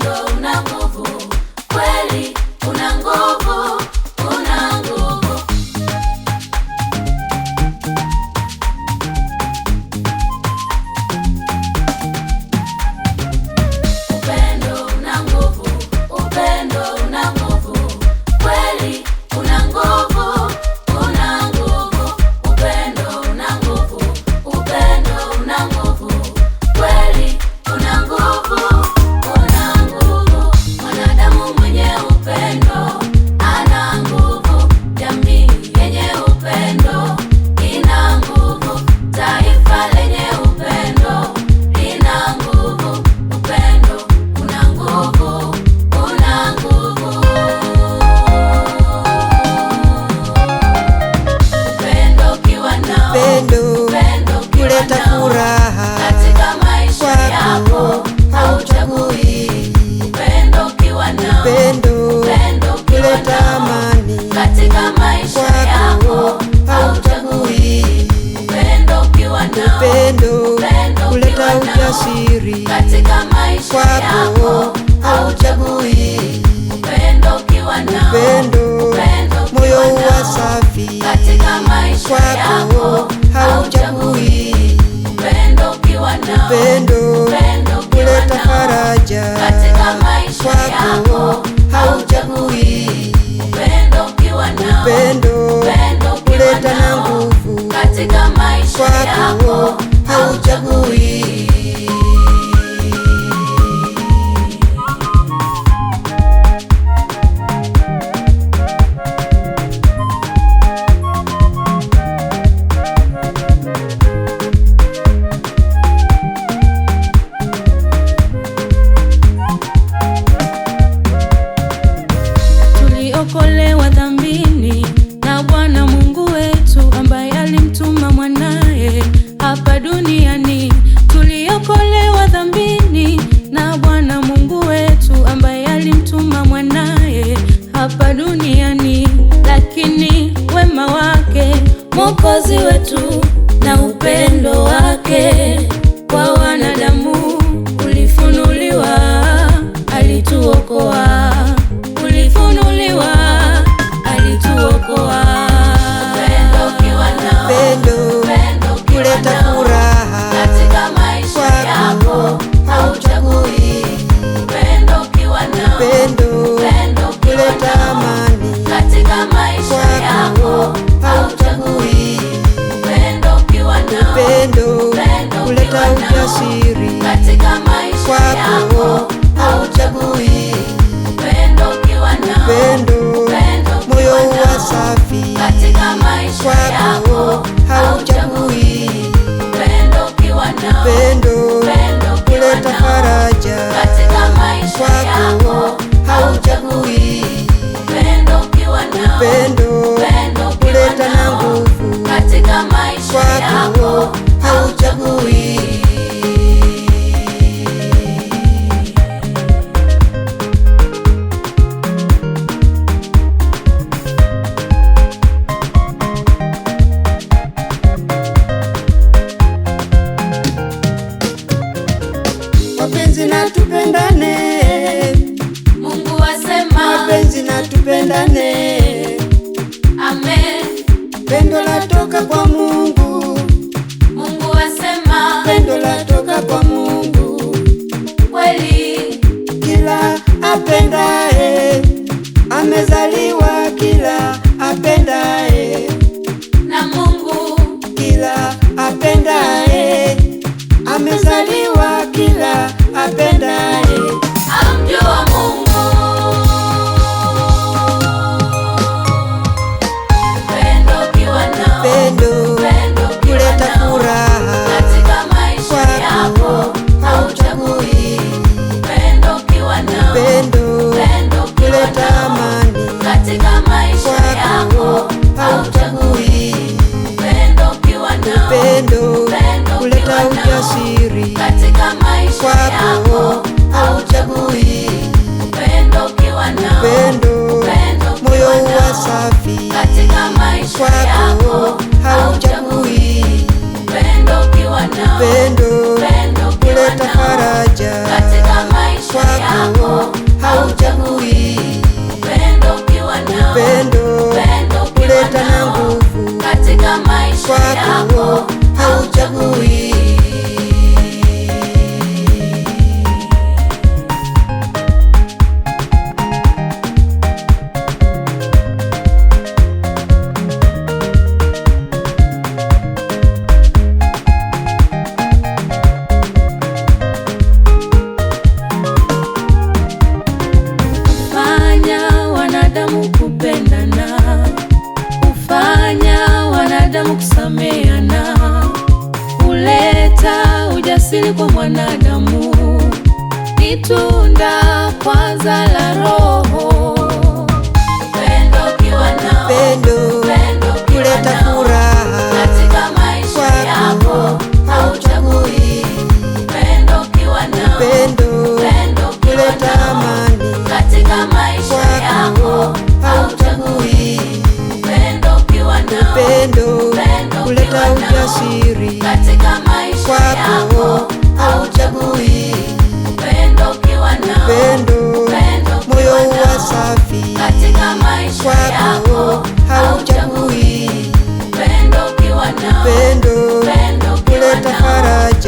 upendo una nguvu kweli. siri katika maisha yako, hauchagui upendo ukiwa nao, upendo, moyo uwa safi katika maisha yako, hauchagui upendo ukiwa nao, upendo kuleta faraja katika maisha yako, hauchagui upendo ukiwa nao, upendo kuleta na nguvu katika maisha yako poco maisha yako hauchagui upendo kuleta faraja kwako hauchagui upendo kuleta na nguvu kwako hauchagui asili kwa mwanadamu, ni tunda kwanza la Roho. kwako hauchagui upendo, upendo moyo wa safi katika maisha kwako hauchagui upendo, upendo kuleta faraja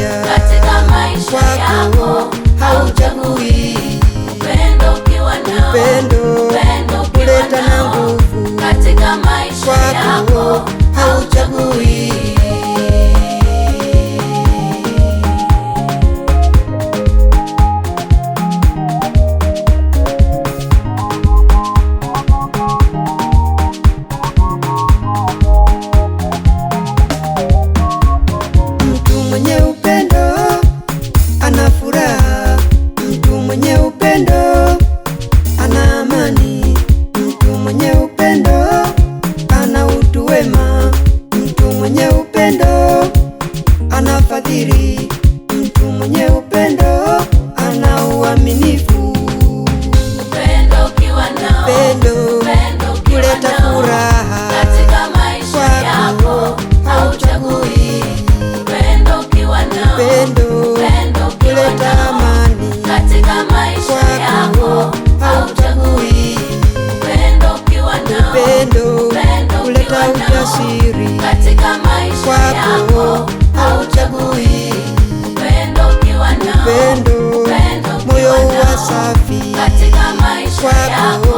safi katika maisha yako